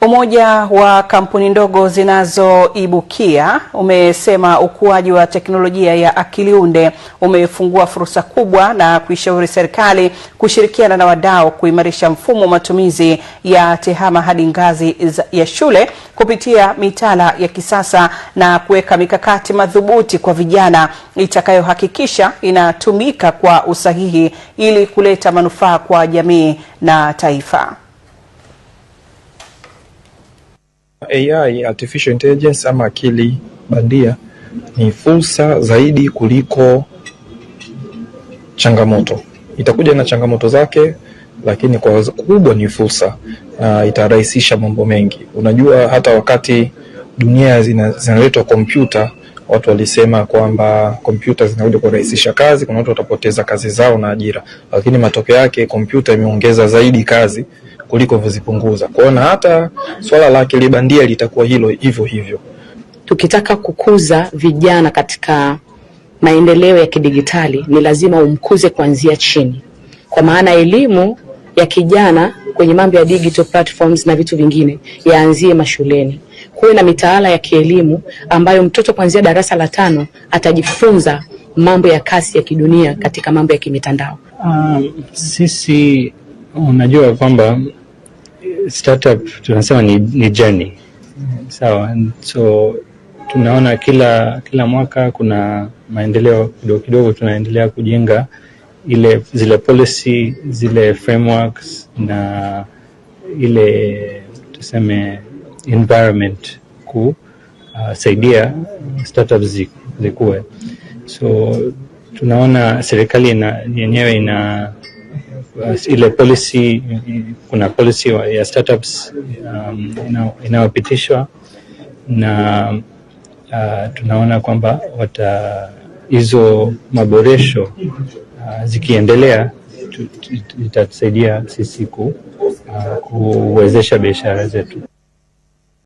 Umoja wa kampuni ndogo zinazoibukia umesema ukuaji wa teknolojia ya akili unde umefungua fursa kubwa na kuishauri serikali kushirikiana na wadau kuimarisha mfumo wa matumizi ya TEHAMA hadi ngazi ya shule kupitia mitaala ya kisasa na kuweka mikakati madhubuti kwa vijana itakayohakikisha inatumika kwa usahihi ili kuleta manufaa kwa jamii na taifa. AI artificial intelligence ama akili bandia ni fursa zaidi kuliko changamoto. Itakuja na changamoto zake, lakini kwa kubwa ni fursa na itarahisisha mambo mengi. Unajua, hata wakati dunia zinaletwa kompyuta watu walisema kwamba kompyuta zinakuja kurahisisha kazi, kuna watu watapoteza kazi zao na ajira, lakini matokeo yake kompyuta imeongeza zaidi kazi kuliko vizipunguza Kwa na hata swala la akili bandia litakuwa hilo hivyo hivyo. Tukitaka kukuza vijana katika maendeleo ya kidigitali, ni lazima umkuze kuanzia chini, kwa maana elimu ya kijana kwenye mambo ya digital platforms na vitu vingine yaanzie mashuleni. Kuwe na mitaala ya kielimu ambayo mtoto kuanzia darasa la tano atajifunza mambo ya kasi ya kidunia katika mambo ya kimitandao. Um, sisi unajua kwamba startup tunasema ni, ni journey sawa, so tunaona kila kila mwaka kuna maendeleo kidogo kidogo tunaendelea kujenga ile zile policy zile frameworks na ile tuseme environment kusaidia uh, startups zikuwe. So tunaona serikali ina, yenyewe ina uh, ile policy, kuna policy ya startups um, inayopitishwa na uh, tunaona kwamba wata hizo maboresho uh, zikiendelea itatusaidia sisi uh, kuwezesha biashara zetu.